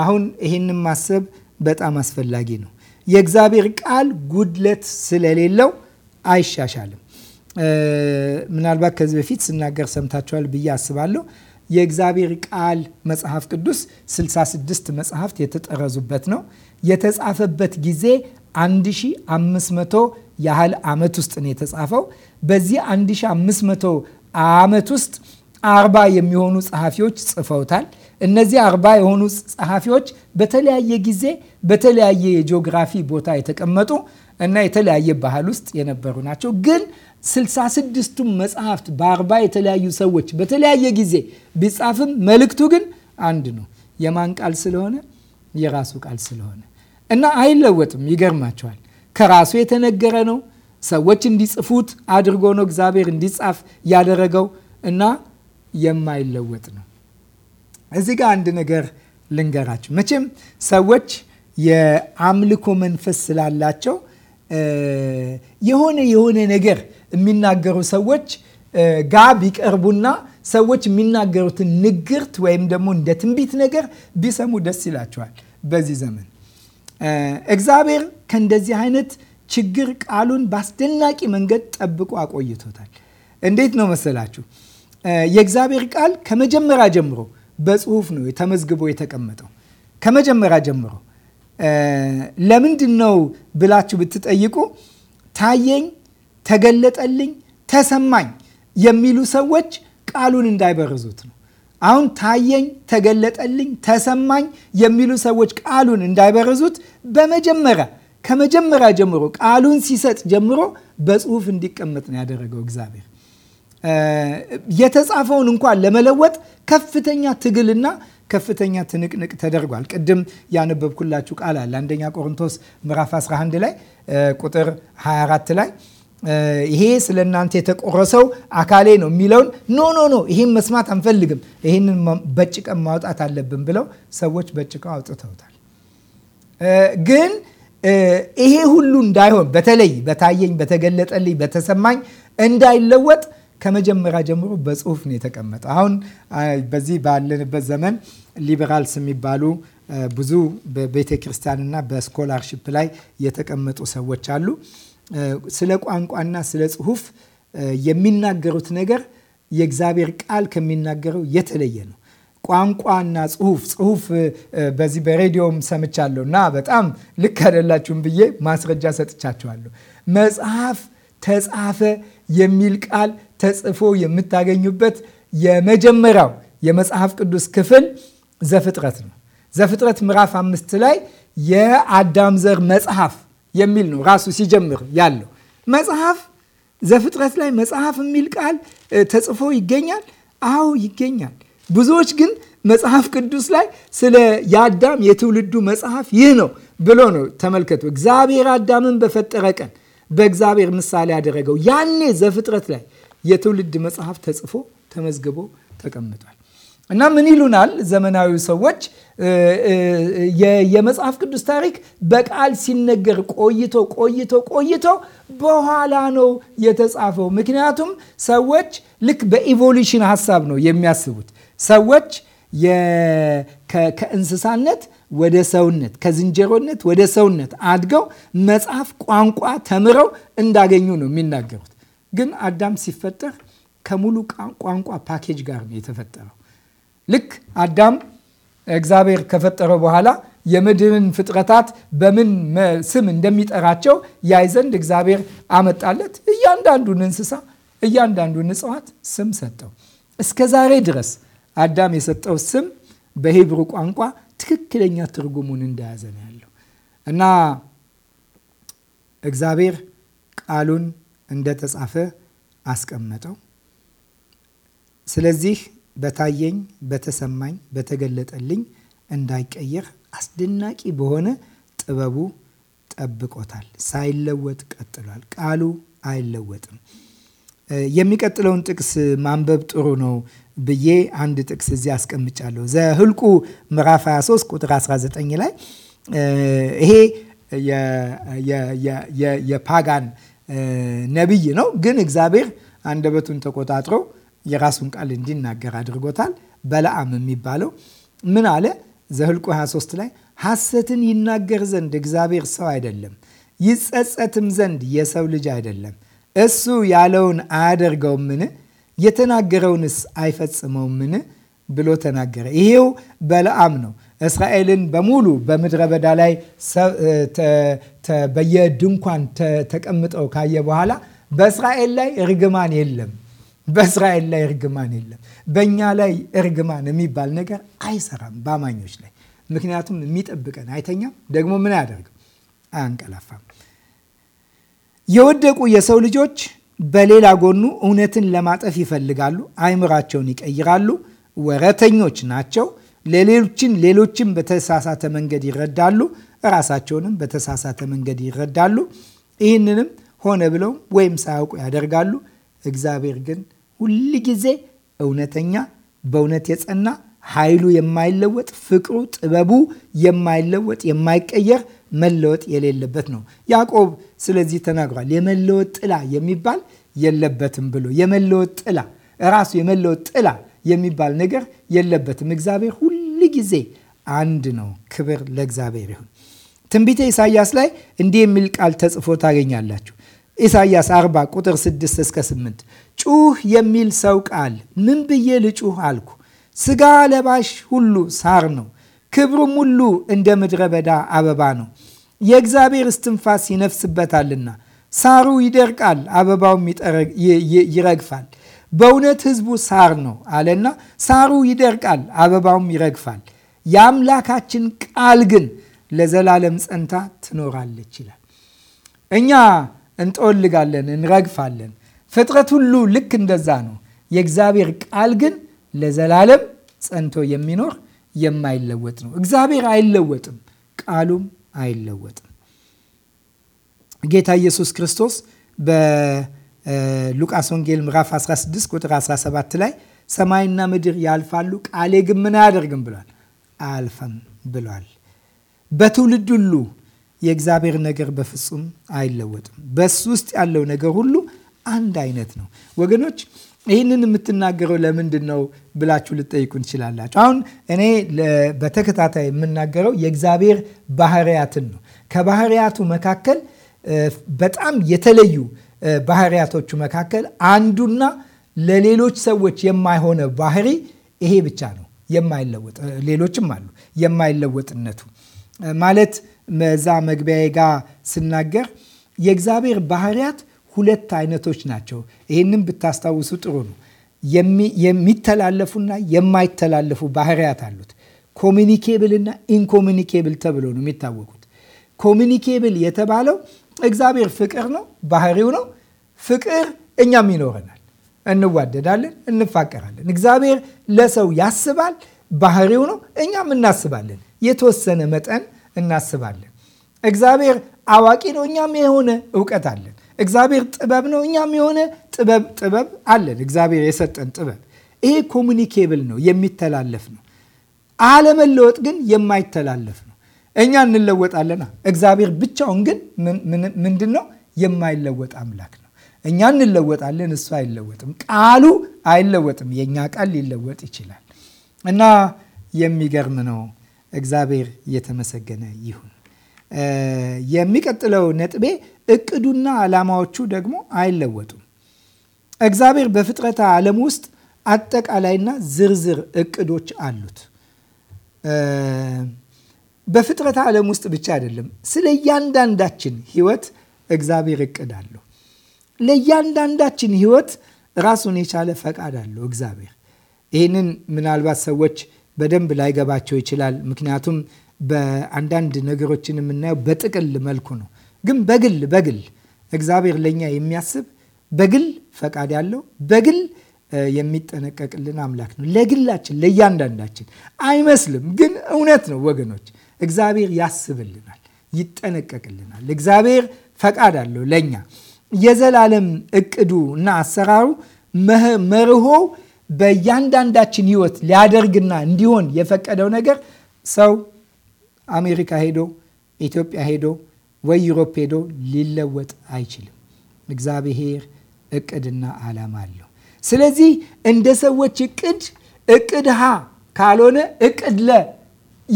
Speaker 1: አሁን ይህንም ማሰብ በጣም አስፈላጊ ነው። የእግዚአብሔር ቃል ጉድለት ስለሌለው አይሻሻልም። ምናልባት ከዚህ በፊት ስናገር ሰምታችኋል ብዬ አስባለሁ። የእግዚአብሔር ቃል መጽሐፍ ቅዱስ 66 መጽሐፍት የተጠረዙበት ነው። የተጻፈበት ጊዜ 1500 ያህል ዓመት ውስጥ ነው የተጻፈው። በዚህ 1500 ዓመት ውስጥ አርባ የሚሆኑ ጸሐፊዎች ጽፈውታል። እነዚህ አርባ የሆኑ ጸሐፊዎች በተለያየ ጊዜ በተለያየ የጂኦግራፊ ቦታ የተቀመጡ እና የተለያየ ባህል ውስጥ የነበሩ ናቸው። ግን ስልሳ ስድስቱም መጽሐፍት በአርባ የተለያዩ ሰዎች በተለያየ ጊዜ ቢጻፍም መልእክቱ ግን አንድ ነው። የማን ቃል ስለሆነ? የራሱ ቃል ስለሆነ እና አይለወጥም። ይገርማቸዋል። ከራሱ የተነገረ ነው ሰዎች እንዲጽፉት አድርጎ ነው እግዚአብሔር እንዲጻፍ ያደረገው እና የማይለወጥ ነው። እዚህ ጋር አንድ ነገር ልንገራችሁ። መቼም ሰዎች የአምልኮ መንፈስ ስላላቸው የሆነ የሆነ ነገር የሚናገሩ ሰዎች ጋ ቢቀርቡና ሰዎች የሚናገሩትን ንግርት ወይም ደግሞ እንደ ትንቢት ነገር ቢሰሙ ደስ ይላቸዋል። በዚህ ዘመን እግዚአብሔር ከእንደዚህ አይነት ችግር ቃሉን በአስደናቂ መንገድ ጠብቆ አቆይቶታል። እንዴት ነው መሰላችሁ? የእግዚአብሔር ቃል ከመጀመሪያ ጀምሮ በጽሁፍ ነው ተመዝግቦ የተቀመጠው። ከመጀመሪያ ጀምሮ ለምንድን ነው ብላችሁ ብትጠይቁ ታየኝ፣ ተገለጠልኝ፣ ተሰማኝ የሚሉ ሰዎች ቃሉን እንዳይበርዙት ነው። አሁን ታየኝ፣ ተገለጠልኝ፣ ተሰማኝ የሚሉ ሰዎች ቃሉን እንዳይበርዙት በመጀመሪያ ከመጀመሪያ ጀምሮ ቃሉን ሲሰጥ ጀምሮ በጽሁፍ እንዲቀመጥ ነው ያደረገው። እግዚአብሔር የተጻፈውን እንኳን ለመለወጥ ከፍተኛ ትግልና ከፍተኛ ትንቅንቅ ተደርጓል። ቅድም ያነበብኩላችሁ ቃል አለ አንደኛ ቆሮንቶስ ምዕራፍ 11 ላይ ቁጥር 24 ላይ ይሄ ስለ እናንተ የተቆረሰው አካሌ ነው የሚለውን ኖ ኖ ኖ ይህን መስማት አንፈልግም፣ ይህንን በጭቀን ማውጣት አለብን ብለው ሰዎች በጭቀው አውጥተውታል ግን ይሄ ሁሉ እንዳይሆን በተለይ በታየኝ በተገለጠልኝ በተሰማኝ እንዳይለወጥ ከመጀመሪያ ጀምሮ በጽሁፍ ነው የተቀመጠ። አሁን በዚህ ባለንበት ዘመን ሊበራልስ የሚባሉ ብዙ በቤተ ክርስቲያንና በስኮላርሽፕ ላይ የተቀመጡ ሰዎች አሉ። ስለ ቋንቋና ስለ ጽሁፍ የሚናገሩት ነገር የእግዚአብሔር ቃል ከሚናገረው የተለየ ነው። ቋንቋና ጽሁፍ ጽሁፍ በዚህ በሬዲዮም ሰምቻለሁ እና በጣም ልክ አይደላችሁም ብዬ ማስረጃ ሰጥቻችኋለሁ። መጽሐፍ ተጻፈ የሚል ቃል ተጽፎ የምታገኙበት የመጀመሪያው የመጽሐፍ ቅዱስ ክፍል ዘፍጥረት ነው። ዘፍጥረት ምዕራፍ አምስት ላይ የአዳም ዘር መጽሐፍ የሚል ነው ራሱ ሲጀምር ያለው መጽሐፍ ዘፍጥረት ላይ መጽሐፍ የሚል ቃል ተጽፎ ይገኛል። አዎ ይገኛል። ብዙዎች ግን መጽሐፍ ቅዱስ ላይ ስለ የአዳም የትውልዱ መጽሐፍ ይህ ነው ብሎ ነው። ተመልከቱ። እግዚአብሔር አዳምን በፈጠረ ቀን በእግዚአብሔር ምሳሌ ያደረገው። ያኔ ዘፍጥረት ላይ የትውልድ መጽሐፍ ተጽፎ ተመዝግቦ ተቀምጧል። እና ምን ይሉናል ዘመናዊ ሰዎች የመጽሐፍ ቅዱስ ታሪክ በቃል ሲነገር ቆይቶ ቆይቶ ቆይቶ በኋላ ነው የተጻፈው። ምክንያቱም ሰዎች ልክ በኢቮሉሽን ሀሳብ ነው የሚያስቡት ሰዎች ከእንስሳነት ወደ ሰውነት ከዝንጀሮነት ወደ ሰውነት አድገው መጽሐፍ ቋንቋ ተምረው እንዳገኙ ነው የሚናገሩት። ግን አዳም ሲፈጠር ከሙሉ ቋንቋ ፓኬጅ ጋር ነው የተፈጠረው። ልክ አዳም እግዚአብሔር ከፈጠረው በኋላ የምድርን ፍጥረታት በምን ስም እንደሚጠራቸው ያይ ዘንድ እግዚአብሔር አመጣለት። እያንዳንዱን እንስሳ፣ እያንዳንዱን እጽዋት ስም ሰጠው። እስከ ዛሬ ድረስ አዳም የሰጠው ስም በሂብሩ ቋንቋ ትክክለኛ ትርጉሙን እንደያዘ ነው ያለው እና እግዚአብሔር ቃሉን እንደተጻፈ አስቀመጠው። ስለዚህ በታየኝ፣ በተሰማኝ፣ በተገለጠልኝ እንዳይቀየር አስደናቂ በሆነ ጥበቡ ጠብቆታል። ሳይለወጥ ቀጥሏል። ቃሉ አይለወጥም። የሚቀጥለውን ጥቅስ ማንበብ ጥሩ ነው። ብዬ አንድ ጥቅስ እዚህ አስቀምጫለሁ። ዘህልቁ ምዕራፍ 23 ቁጥር 19 ላይ ይሄ የፓጋን ነቢይ ነው፣ ግን እግዚአብሔር አንደበቱን ተቆጣጥሮ የራሱን ቃል እንዲናገር አድርጎታል። በለዓም የሚባለው ምን አለ? ዘህልቁ 23 ላይ ሐሰትን ይናገር ዘንድ እግዚአብሔር ሰው አይደለም፣ ይጸጸትም ዘንድ የሰው ልጅ አይደለም። እሱ ያለውን አያደርገውምን? የተናገረውንስ አይፈጽመውምን ብሎ ተናገረ። ይሄው በለዓም ነው። እስራኤልን በሙሉ በምድረ በዳ ላይ በየድንኳን ተቀምጠው ካየ በኋላ በእስራኤል ላይ እርግማን የለም፣ በእስራኤል ላይ እርግማን የለም፣ በእኛ ላይ እርግማን የሚባል ነገር አይሰራም በአማኞች ላይ ምክንያቱም የሚጠብቀን አይተኛም፣ ደግሞ ምን አያደርግም፣ አያንቀላፋም። የወደቁ የሰው ልጆች በሌላ ጎኑ እውነትን ለማጠፍ ይፈልጋሉ። አይምራቸውን ይቀይራሉ። ወረተኞች ናቸው። ሌሎችን ሌሎችን በተሳሳተ መንገድ ይረዳሉ። ራሳቸውንም በተሳሳተ መንገድ ይረዳሉ። ይህንንም ሆነ ብለው ወይም ሳያውቁ ያደርጋሉ። እግዚአብሔር ግን ጊዜ እውነተኛ፣ በእውነት የጸና ኃይሉ የማይለወጥ ፍቅሩ፣ ጥበቡ የማይለወጥ የማይቀየር መለወጥ የሌለበት ነው። ያዕቆብ ስለዚህ ተናግሯል። የመለወጥ ጥላ የሚባል የለበትም ብሎ የመለወጥ ጥላ ራሱ የመለወጥ ጥላ የሚባል ነገር የለበትም። እግዚአብሔር ሁል ጊዜ አንድ ነው። ክብር ለእግዚአብሔር ይሁን። ትንቢተ ኢሳያስ ላይ እንዲህ የሚል ቃል ተጽፎ ታገኛላችሁ። ኢሳያስ 40 ቁጥር 6 እስከ 8 ጩህ የሚል ሰው ቃል ምን ብዬ ልጩህ አልኩ። ስጋ ለባሽ ሁሉ ሳር ነው ክብሩም ሁሉ እንደ ምድረ በዳ አበባ ነው። የእግዚአብሔር እስትንፋስ ይነፍስበታልና ሳሩ ይደርቃል፣ አበባውም ይረግፋል። በእውነት ሕዝቡ ሳር ነው አለና ሳሩ ይደርቃል፣ አበባውም ይረግፋል። የአምላካችን ቃል ግን ለዘላለም ጸንታ ትኖራለች ይላል። እኛ እንጠወልጋለን፣ እንረግፋለን። ፍጥረት ሁሉ ልክ እንደዛ ነው። የእግዚአብሔር ቃል ግን ለዘላለም ጸንቶ የሚኖር የማይለወጥ ነው። እግዚአብሔር አይለወጥም፣ ቃሉም አይለወጥም። ጌታ ኢየሱስ ክርስቶስ በሉቃስ ወንጌል ምዕራፍ 16 ቁጥር 17 ላይ ሰማይና ምድር ያልፋሉ፣ ቃሌ ግን ምን አያደርግም ብሏል፣ አያልፈም ብሏል። በትውልድ ሁሉ የእግዚአብሔር ነገር በፍጹም አይለወጥም። በሱ ውስጥ ያለው ነገር ሁሉ አንድ አይነት ነው። ወገኖች ይህንን የምትናገረው ለምንድን ነው ብላችሁ ልጠይቁ እንችላላችሁ። አሁን እኔ በተከታታይ የምናገረው የእግዚአብሔር ባህርያትን ነው። ከባህርያቱ መካከል በጣም የተለዩ ባህርያቶቹ መካከል አንዱና ለሌሎች ሰዎች የማይሆነ ባህሪ ይሄ ብቻ ነው የማይለወጥ ሌሎችም አሉ። የማይለወጥነቱ ማለት መዛ መግቢያዬ ጋር ስናገር የእግዚአብሔር ባህርያት ሁለት አይነቶች ናቸው። ይህንም ብታስታውሱ ጥሩ ነው። የሚተላለፉና የማይተላለፉ ባህሪያት አሉት። ኮሚኒኬብል ኢንኮሚኒኬብል ተብሎ ነው የሚታወቁት። ኮሚኒኬብል የተባለው እግዚአብሔር ፍቅር ነው፣ ባህሪው ነው። ፍቅር እኛም ይኖረናል፣ እንዋደዳለን፣ እንፋቀራለን። እግዚአብሔር ለሰው ያስባል፣ ባህሪው ነው። እኛም እናስባለን፣ የተወሰነ መጠን እናስባለን። እግዚአብሔር አዋቂ ነው፣ እኛም የሆነ እውቀት አለን። እግዚአብሔር ጥበብ ነው። እኛም የሆነ ጥበብ ጥበብ አለን። እግዚአብሔር የሰጠን ጥበብ ይሄ ኮሚኒኬብል ነው፣ የሚተላለፍ ነው። አለመለወጥ ግን የማይተላለፍ ነው። እኛ እንለወጣለና፣ እግዚአብሔር ብቻውን ግን ምንድን ነው? የማይለወጥ አምላክ ነው። እኛ እንለወጣለን፣ እሱ አይለወጥም። ቃሉ አይለወጥም። የእኛ ቃል ሊለወጥ ይችላል እና የሚገርም ነው። እግዚአብሔር እየተመሰገነ ይሁን። የሚቀጥለው ነጥቤ እቅዱና ዓላማዎቹ ደግሞ አይለወጡም። እግዚአብሔር በፍጥረታ ዓለም ውስጥ አጠቃላይና ዝርዝር እቅዶች አሉት። በፍጥረት ዓለም ውስጥ ብቻ አይደለም፣ ስለ እያንዳንዳችን ህይወት እግዚአብሔር እቅድ አለው። ለእያንዳንዳችን ህይወት ራሱን የቻለ ፈቃድ አለው እግዚአብሔር። ይህንን ምናልባት ሰዎች በደንብ ላይገባቸው ይችላል። ምክንያቱም በአንዳንድ ነገሮችን የምናየው በጥቅል መልኩ ነው። ግን በግል በግል እግዚአብሔር ለእኛ የሚያስብ በግል ፈቃድ ያለው በግል የሚጠነቀቅልን አምላክ ነው። ለግላችን ለእያንዳንዳችን አይመስልም፣ ግን እውነት ነው ወገኖች። እግዚአብሔር ያስብልናል፣ ይጠነቀቅልናል። እግዚአብሔር ፈቃድ አለው ለእኛ የዘላለም እቅዱ እና አሰራሩ መርሆ በእያንዳንዳችን ህይወት ሊያደርግና እንዲሆን የፈቀደው ነገር ሰው አሜሪካ ሄዶ ኢትዮጵያ ሄዶ ወይ ዩሮፕ ሄዶ ሊለወጥ አይችልም። እግዚአብሔር እቅድና ዓላማ አለው። ስለዚህ እንደ ሰዎች እቅድ እቅድ ሀ ካልሆነ እቅድ ለ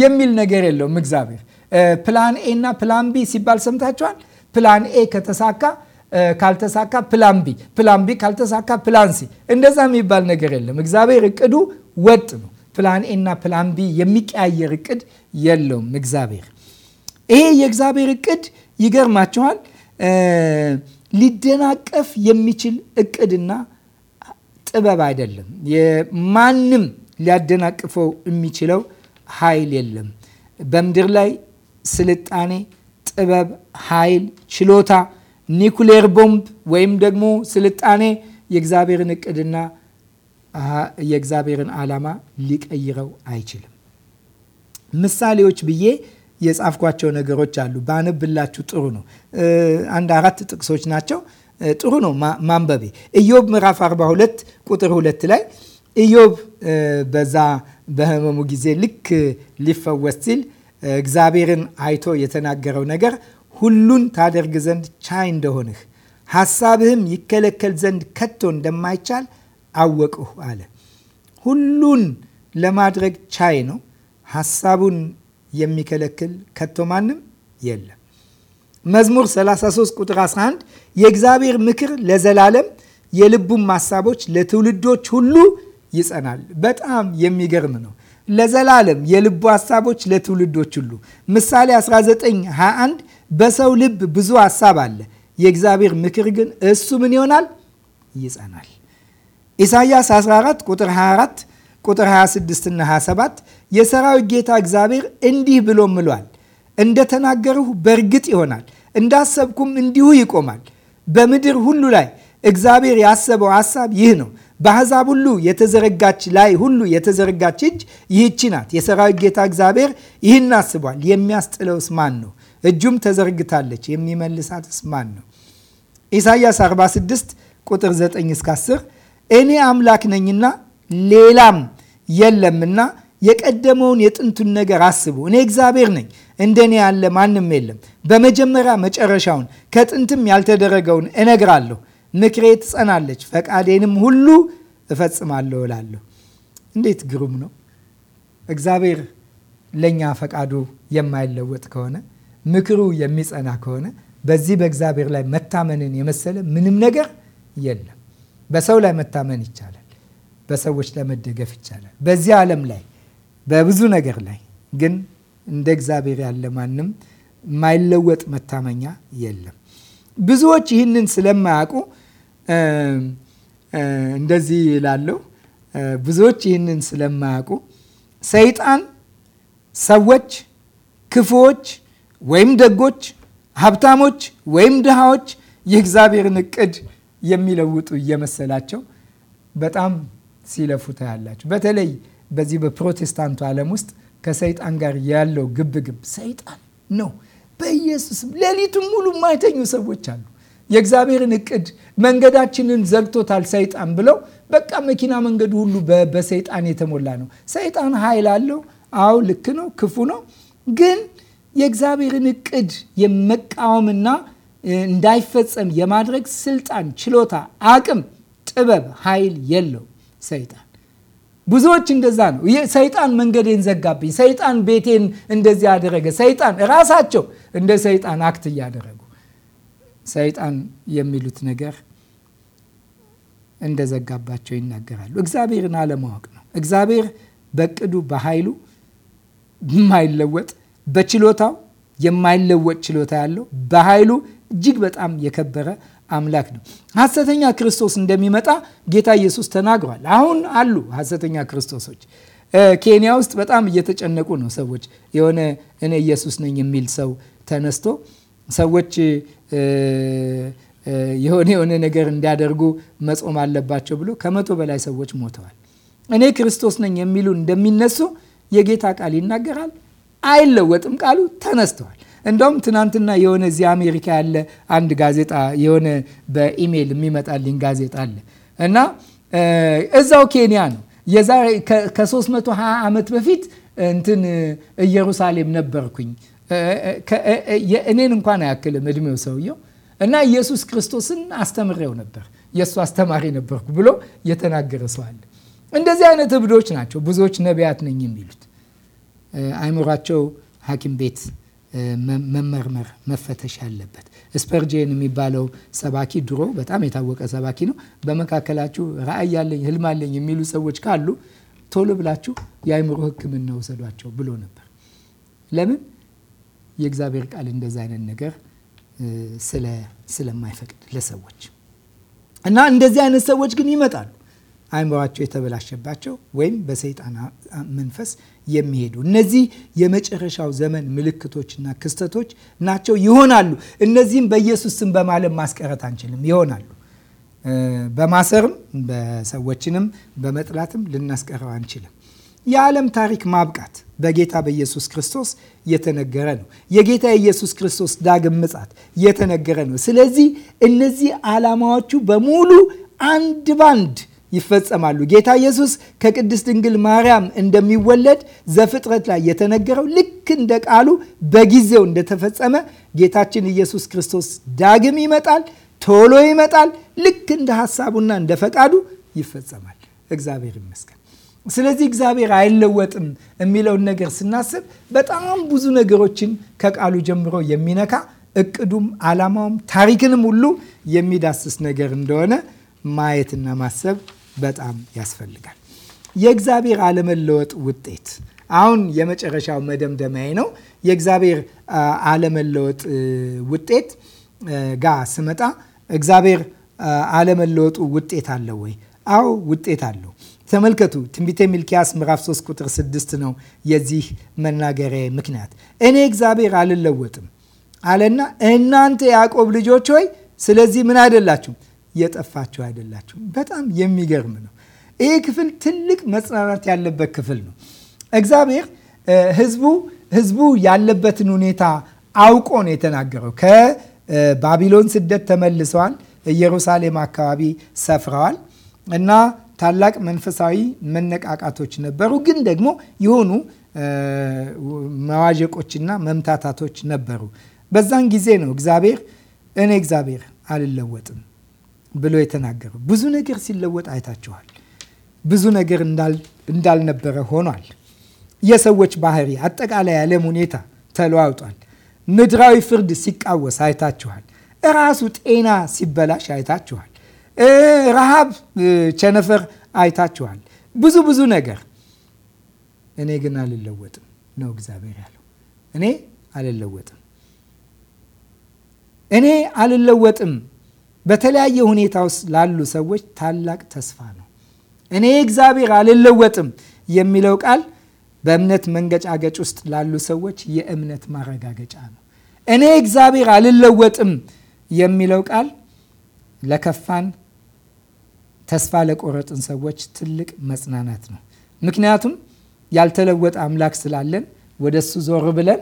Speaker 1: የሚል ነገር የለውም። እግዚአብሔር ፕላን ኤ እና ፕላን ቢ ሲባል ሰምታችኋል። ፕላን ኤ ከተሳካ ካልተሳካ ፕላን ቢ፣ ፕላን ቢ ካልተሳካ ፕላን ሲ፣ እንደዛ የሚባል ነገር የለም። እግዚአብሔር እቅዱ ወጥ ነው። ፕላን ኤ እና ፕላን ቢ የሚቀያየር እቅድ የለውም እግዚአብሔር። ይሄ የእግዚአብሔር እቅድ ይገርማችኋል ሊደናቀፍ የሚችል እቅድና ጥበብ አይደለም። የማንም ሊያደናቅፈው የሚችለው ኃይል የለም። በምድር ላይ ስልጣኔ፣ ጥበብ፣ ኃይል፣ ችሎታ፣ ኒኩሌር ቦምብ ወይም ደግሞ ስልጣኔ የእግዚአብሔርን እቅድና የእግዚአብሔርን ዓላማ ሊቀይረው አይችልም። ምሳሌዎች ብዬ የጻፍኳቸው ነገሮች አሉ። ባነብላችሁ ጥሩ ነው። አንድ አራት ጥቅሶች ናቸው። ጥሩ ነው ማንበቤ። ኢዮብ ምዕራፍ 42 ቁጥር ሁለት ላይ ኢዮብ በዛ በህመሙ ጊዜ ልክ ሊፈወስ ሲል እግዚአብሔርን አይቶ የተናገረው ነገር ሁሉን ታደርግ ዘንድ ቻይ እንደሆንህ ሐሳብህም ይከለከል ዘንድ ከቶ እንደማይቻል አወቅሁ አለ። ሁሉን ለማድረግ ቻይ ነው። ሐሳቡን የሚከለክል ከቶ ማንም የለም። መዝሙር 33 ቁጥር 11 የእግዚአብሔር ምክር ለዘላለም የልቡም ማሳቦች ለትውልዶች ሁሉ ይጸናል። በጣም የሚገርም ነው። ለዘላለም የልቡ ሀሳቦች ለትውልዶች ሁሉ። ምሳሌ 19 21 በሰው ልብ ብዙ ሀሳብ አለ፣ የእግዚአብሔር ምክር ግን እሱ ምን ይሆናል? ይጸናል። ኢሳያስ 14 ቁጥር 24 ቁጥር 26 እና 27 የሰራዊት ጌታ እግዚአብሔር እንዲህ ብሎ ምሏል፣ እንደተናገርሁ በእርግጥ ይሆናል፣ እንዳሰብኩም እንዲሁ ይቆማል። በምድር ሁሉ ላይ እግዚአብሔር ያሰበው ሐሳብ ይህ ነው። በአሕዛብ ሁሉ የተዘረጋች ላይ ሁሉ የተዘረጋች እጅ ይህቺ ናት። የሰራዊት ጌታ እግዚአብሔር ይህን አስቧል። የሚያስጥለውስ ማን ነው? እጁም ተዘርግታለች፣ የሚመልሳትስ ማን ነው? ኢሳይያስ 46 ቁጥር 9 እስከ 10 እኔ አምላክ ነኝና ሌላም የለምና የቀደመውን የጥንቱን ነገር አስቡ። እኔ እግዚአብሔር ነኝ፣ እንደኔ ያለ ማንም የለም። በመጀመሪያ መጨረሻውን ከጥንትም ያልተደረገውን እነግራለሁ። ምክሬ ትጸናለች፣ ፈቃዴንም ሁሉ እፈጽማለሁ እላለሁ። እንዴት ግሩም ነው! እግዚአብሔር ለእኛ ፈቃዱ የማይለወጥ ከሆነ ምክሩ የሚጸና ከሆነ በዚህ በእግዚአብሔር ላይ መታመንን የመሰለ ምንም ነገር የለም። በሰው ላይ መታመን ይቻላል። በሰዎች ለመደገፍ ይቻላል። በዚህ ዓለም ላይ በብዙ ነገር ላይ ግን እንደ እግዚአብሔር ያለ ማንም የማይለወጥ መታመኛ የለም። ብዙዎች ይህንን ስለማያውቁ እንደዚህ ይላለሁ። ብዙዎች ይህንን ስለማያውቁ ሰይጣን ሰዎች ክፉዎች ወይም ደጎች፣ ሀብታሞች ወይም ድሃዎች የእግዚአብሔርን እቅድ የሚለውጡ እየመሰላቸው በጣም ሲለፉ ታያላችሁ። በተለይ በዚህ በፕሮቴስታንቱ ዓለም ውስጥ ከሰይጣን ጋር ያለው ግብግብ ሰይጣን ነው። በኢየሱስ ሌሊቱን ሙሉ የማይተኙ ሰዎች አሉ። የእግዚአብሔርን እቅድ መንገዳችንን ዘግቶታል ሰይጣን ብለው በቃ መኪና መንገዱ ሁሉ በሰይጣን የተሞላ ነው። ሰይጣን ኃይል አለው። አዎ ልክ ነው፣ ክፉ ነው። ግን የእግዚአብሔርን እቅድ የመቃወምና እንዳይፈጸም የማድረግ ስልጣን፣ ችሎታ፣ አቅም፣ ጥበብ፣ ኃይል የለው ሰይጣን። ብዙዎች እንደዛ ነው። ሰይጣን መንገዴን ዘጋብኝ፣ ሰይጣን ቤቴን እንደዚህ ያደረገ፣ ሰይጣን ራሳቸው እንደ ሰይጣን አክት እያደረጉ ሰይጣን የሚሉት ነገር እንደዘጋባቸው ይናገራሉ። እግዚአብሔርን አለማወቅ ነው። እግዚአብሔር በቅዱ በኃይሉ የማይለወጥ በችሎታው የማይለወጥ ችሎታ ያለው በኃይሉ እጅግ በጣም የከበረ አምላክ ነው። ሐሰተኛ ክርስቶስ እንደሚመጣ ጌታ ኢየሱስ ተናግሯል። አሁን አሉ ሐሰተኛ ክርስቶሶች። ኬንያ ውስጥ በጣም እየተጨነቁ ነው ሰዎች። የሆነ እኔ ኢየሱስ ነኝ የሚል ሰው ተነስቶ ሰዎች የሆነ የሆነ ነገር እንዲያደርጉ መጾም አለባቸው ብሎ ከመቶ በላይ ሰዎች ሞተዋል። እኔ ክርስቶስ ነኝ የሚሉ እንደሚነሱ የጌታ ቃል ይናገራል። አይለወጥም ቃሉ። ተነስተዋል። እንደውም ትናንትና የሆነ እዚህ አሜሪካ ያለ አንድ ጋዜጣ የሆነ በኢሜይል የሚመጣልኝ ጋዜጣ አለ እና እዛው ኬንያ ነው ከ320 ዓመት በፊት እንትን ኢየሩሳሌም ነበርኩኝ። እኔን እንኳን አያክልም እድሜው ሰውየው እና ኢየሱስ ክርስቶስን አስተምሬው ነበር የእሱ አስተማሪ ነበርኩ ብሎ የተናገረ ሰው አለ። እንደዚህ አይነት እብዶች ናቸው ብዙዎች ነቢያት ነኝ የሚሉት አይምሯቸው ሐኪም ቤት መመርመር መፈተሽ ያለበት። ስፐርጄን የሚባለው ሰባኪ ድሮ በጣም የታወቀ ሰባኪ ነው። በመካከላችሁ ራዕይ ያለኝ ህልም አለኝ የሚሉ ሰዎች ካሉ ቶሎ ብላችሁ የአይምሮ ሕክምና ወሰዷቸው ብሎ ነበር። ለምን? የእግዚአብሔር ቃል እንደዛ አይነት ነገር ስለማይፈቅድ ለሰዎች እና እንደዚህ አይነት ሰዎች ግን ይመጣሉ። አይምሯቸው የተበላሸባቸው ወይም በሰይጣን መንፈስ የሚሄዱ እነዚህ የመጨረሻው ዘመን ምልክቶችና ክስተቶች ናቸው፣ ይሆናሉ። እነዚህም በኢየሱስ ስም በማለም ማስቀረት አንችልም፣ ይሆናሉ። በማሰርም በሰዎችንም በመጥላትም ልናስቀረው አንችልም። የዓለም ታሪክ ማብቃት በጌታ በኢየሱስ ክርስቶስ የተነገረ ነው። የጌታ የኢየሱስ ክርስቶስ ዳግም ምጻት የተነገረ ነው። ስለዚህ እነዚህ ዓላማዎቹ በሙሉ አንድ ባንድ ይፈጸማሉ። ጌታ ኢየሱስ ከቅድስት ድንግል ማርያም እንደሚወለድ ዘፍጥረት ላይ የተነገረው ልክ እንደ ቃሉ በጊዜው እንደተፈጸመ ጌታችን ኢየሱስ ክርስቶስ ዳግም ይመጣል፣ ቶሎ ይመጣል። ልክ እንደ ሀሳቡና እንደ ፈቃዱ ይፈጸማል። እግዚአብሔር ይመስገን። ስለዚህ እግዚአብሔር አይለወጥም የሚለውን ነገር ስናስብ በጣም ብዙ ነገሮችን ከቃሉ ጀምሮ የሚነካ እቅዱም፣ ዓላማውም፣ ታሪክንም ሁሉ የሚዳስስ ነገር እንደሆነ ማየትና ማሰብ በጣም ያስፈልጋል። የእግዚአብሔር አለመለወጥ ውጤት አሁን የመጨረሻው መደምደማዬ ነው። የእግዚአብሔር አለመለወጥ ውጤት ጋ ስመጣ እግዚአብሔር አለመለወጡ ውጤት አለው ወይ? አዎ ውጤት አለው። ተመልከቱ ትንቢተ ሚልኪያስ ምዕራፍ 3 ቁጥር 6 ነው የዚህ መናገሪያ ምክንያት። እኔ እግዚአብሔር አልለወጥም አለና እናንተ ያዕቆብ ልጆች ሆይ ስለዚህ ምን አይደላችሁም የጠፋችሁ አይደላችሁም። በጣም የሚገርም ነው። ይሄ ክፍል ትልቅ መጽናናት ያለበት ክፍል ነው። እግዚአብሔር ህዝቡ ህዝቡ ያለበትን ሁኔታ አውቆ ነው የተናገረው። ከባቢሎን ስደት ተመልሰዋል። ኢየሩሳሌም አካባቢ ሰፍረዋል እና ታላቅ መንፈሳዊ መነቃቃቶች ነበሩ። ግን ደግሞ የሆኑ መዋዠቆችና መምታታቶች ነበሩ። በዛን ጊዜ ነው እግዚአብሔር እኔ እግዚአብሔር አልለወጥም ብሎ የተናገረው። ብዙ ነገር ሲለወጥ አይታችኋል። ብዙ ነገር እንዳልነበረ ሆኗል። የሰዎች ባህሪ፣ አጠቃላይ የዓለም ሁኔታ ተለዋውጧል። ምድራዊ ፍርድ ሲቃወስ አይታችኋል። ራሱ ጤና ሲበላሽ አይታችኋል። ረሃብ፣ ቸነፈር አይታችኋል። ብዙ ብዙ ነገር። እኔ ግን አልለወጥም ነው እግዚአብሔር ያለው። እኔ አልለወጥም፣ እኔ አልለወጥም በተለያየ ሁኔታ ውስጥ ላሉ ሰዎች ታላቅ ተስፋ ነው። እኔ እግዚአብሔር አልለወጥም የሚለው ቃል በእምነት መንገጫገጭ ውስጥ ላሉ ሰዎች የእምነት ማረጋገጫ ነው። እኔ እግዚአብሔር አልለወጥም የሚለው ቃል ለከፋን ተስፋ ለቆረጥን ሰዎች ትልቅ መጽናናት ነው። ምክንያቱም ያልተለወጠ አምላክ ስላለን ወደ ዞር ብለን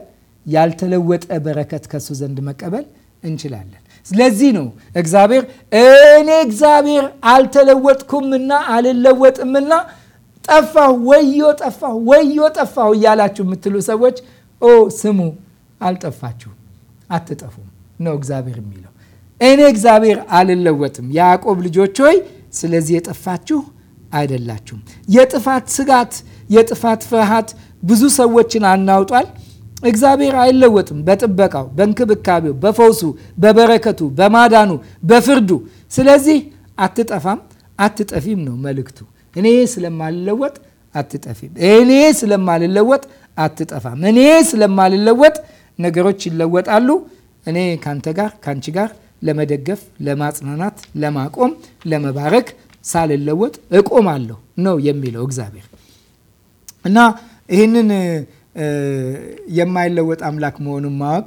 Speaker 1: ያልተለወጠ በረከት ከሱ ዘንድ መቀበል እንችላለን። ስለዚህ ነው እግዚአብሔር እኔ እግዚአብሔር አልተለወጥኩምና አልለወጥምና ጠፋሁ፣ ወዮ ጠፋሁ፣ ወዮ ጠፋሁ እያላችሁ የምትሉ ሰዎች ኦ ስሙ፣ አልጠፋችሁ አትጠፉም ነው እግዚአብሔር የሚለው። እኔ እግዚአብሔር አልለወጥም፣ የያዕቆብ ልጆች ሆይ ስለዚህ የጠፋችሁ አይደላችሁም። የጥፋት ስጋት፣ የጥፋት ፍርሃት ብዙ ሰዎችን አናውጧል። እግዚአብሔር አይለወጥም በጥበቃው፣ በእንክብካቤው፣ በፈውሱ፣ በበረከቱ፣ በማዳኑ፣ በፍርዱ። ስለዚህ አትጠፋም አትጠፊም ነው መልእክቱ። እኔ ስለማልለወጥ አትጠፊም፣ እኔ ስለማልለወጥ አትጠፋም፣ እኔ ስለማልለወጥ ነገሮች ይለወጣሉ። እኔ ካንተ ጋር ካንቺ ጋር ለመደገፍ፣ ለማጽናናት፣ ለማቆም፣ ለመባረክ ሳልለወጥ እቆማለሁ ነው የሚለው እግዚአብሔር እና ይህንን የማይለወጥ አምላክ መሆኑን ማወቅ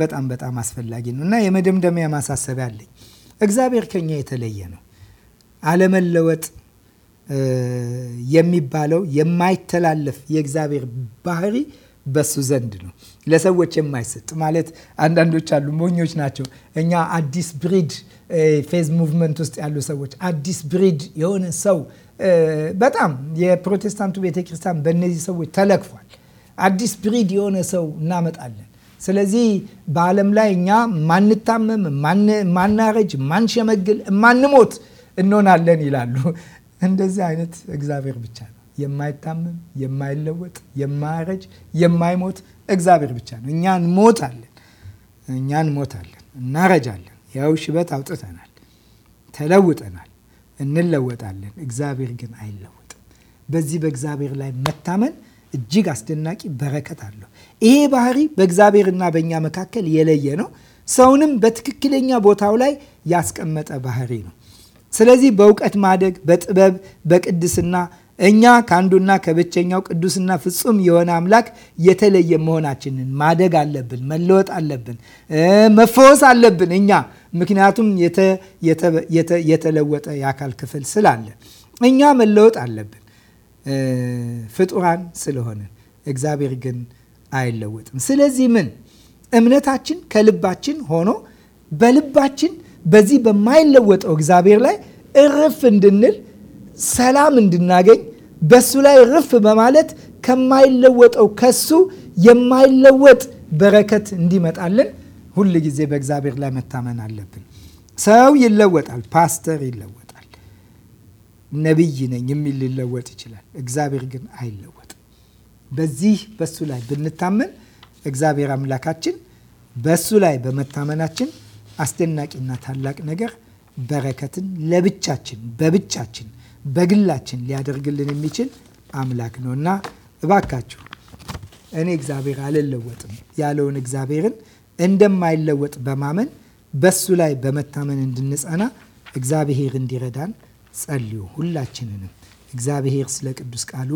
Speaker 1: በጣም በጣም አስፈላጊ ነው እና የመደምደሚያ ማሳሰቢያ አለኝ። እግዚአብሔር ከኛ የተለየ ነው። አለመለወጥ የሚባለው የማይተላለፍ የእግዚአብሔር ባህሪ በሱ ዘንድ ነው። ለሰዎች የማይሰጥ ማለት አንዳንዶች አሉ፣ ሞኞች ናቸው። እኛ አዲስ ብሪድ ፌዝ ሙቭመንት ውስጥ ያሉ ሰዎች አዲስ ብሪድ የሆነ ሰው በጣም የፕሮቴስታንቱ ቤተክርስቲያን በእነዚህ ሰዎች ተለክፏል። አዲስ ብሪድ የሆነ ሰው እናመጣለን። ስለዚህ በዓለም ላይ እኛ ማንታመም፣ ማናረጅ፣ ማንሸመግል፣ ማንሞት እንሆናለን ይላሉ። እንደዚህ አይነት እግዚአብሔር ብቻ ነው። የማይታመም፣ የማይለወጥ፣ የማያረጅ፣ የማይሞት እግዚአብሔር ብቻ ነው። እኛ እንሞታለን፣ እኛ እንሞታለን፣ እናረጃለን። ያው ሽበት አውጥተናል፣ ተለውጠናል፣ እንለወጣለን። እግዚአብሔር ግን አይለወጥም። በዚህ በእግዚአብሔር ላይ መታመን እጅግ አስደናቂ በረከት አለው። ይሄ ባህሪ በእግዚአብሔርና በእኛ መካከል የለየ ነው። ሰውንም በትክክለኛ ቦታው ላይ ያስቀመጠ ባህሪ ነው። ስለዚህ በእውቀት ማደግ፣ በጥበብ በቅድስና እኛ ከአንዱና ከብቸኛው ቅዱስና ፍጹም የሆነ አምላክ የተለየ መሆናችንን ማደግ አለብን፣ መለወጥ አለብን፣ መፈወስ አለብን እኛ ምክንያቱም የተለወጠ የአካል ክፍል ስላለ እኛ መለወጥ አለብን። ፍጡራን ስለሆንን እግዚአብሔር ግን አይለወጥም። ስለዚህ ምን እምነታችን ከልባችን ሆኖ በልባችን በዚህ በማይለወጠው እግዚአብሔር ላይ እርፍ እንድንል ሰላም እንድናገኝ በሱ ላይ እርፍ በማለት ከማይለወጠው ከሱ የማይለወጥ በረከት እንዲመጣልን ሁል ጊዜ በእግዚአብሔር ላይ መታመን አለብን። ሰው ይለወጣል። ፓስተር ይለወጣል። ነቢይ ነኝ የሚል ሊለወጥ ይችላል። እግዚአብሔር ግን አይለወጥም። በዚህ በሱ ላይ ብንታመን እግዚአብሔር አምላካችን በሱ ላይ በመታመናችን አስደናቂና ታላቅ ነገር በረከትን ለብቻችን በብቻችን በግላችን ሊያደርግልን የሚችል አምላክ ነው እና እባካችሁ እኔ እግዚአብሔር አልለወጥም ያለውን እግዚአብሔርን እንደማይለወጥ በማመን በሱ ላይ በመታመን እንድንጸና እግዚአብሔር እንዲረዳን ጸልዩ። ሁላችንንም እግዚአብሔር ስለ ቅዱስ ቃሉ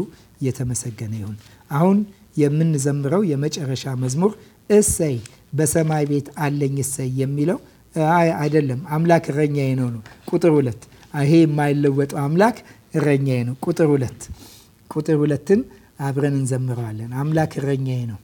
Speaker 1: የተመሰገነ ይሁን። አሁን የምንዘምረው የመጨረሻ መዝሙር እሰይ በሰማይ ቤት አለኝ እሰይ የሚለው አይደለም። አምላክ እረኛዬ ነው ነው ቁጥር ሁለት ይሄ የማይለወጠው አምላክ እረኛዬ ነው ቁጥር ሁለት ቁጥር ሁለትን አብረን እንዘምረዋለን። አምላክ እረኛዬ ነው